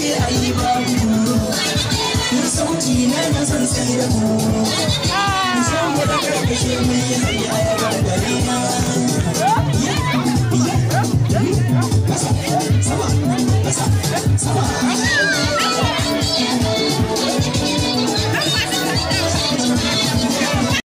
ake ayi ba mu sauti na na san sai da mu mu san mu da karkashe mai hanya